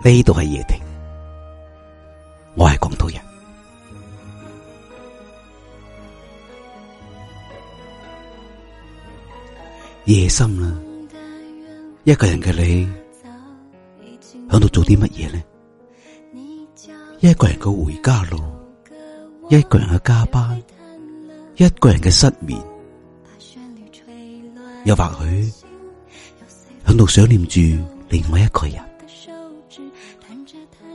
呢度係夜亭，我係廣東人。夜深啦，一個人嘅你響度做啲乜嘢呢？一個人嘅回家路，一個人嘅加班，一個人嘅失眠，又或許響度想念住另外一個人。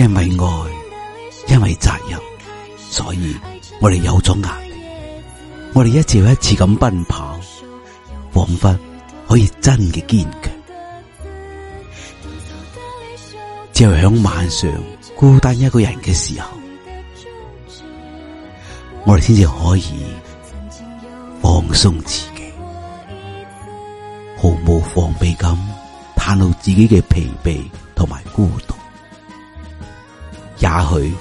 因為愛，因為責任，所以我哋有咗壓力，我哋一次又一次咁奔跑，仿佛可以真嘅堅強。只係響晚上孤單一個人嘅時候，我哋先至可以放鬆自己，毫無防備咁袒露自己嘅疲憊同埋孤獨。也許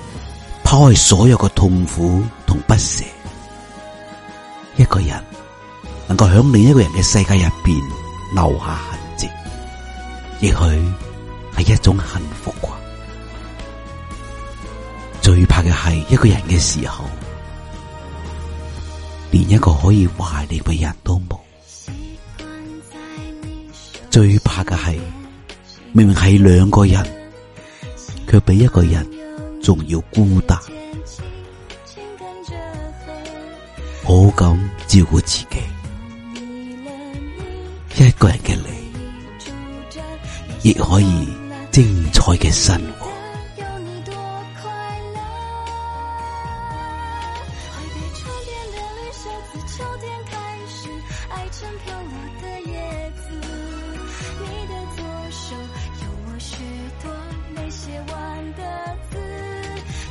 拋開所有嘅痛苦同不捨，一個人能夠響另一個人嘅世界入邊留下痕迹，也許係一種幸福啩。最怕嘅係一個人嘅時候，連一個可以懷念嘅人都冇。最怕嘅係，明明係兩個人，卻俾一個人。仲要孤單，我好咁照顧自己，一個人嘅你，亦可以精彩嘅生活。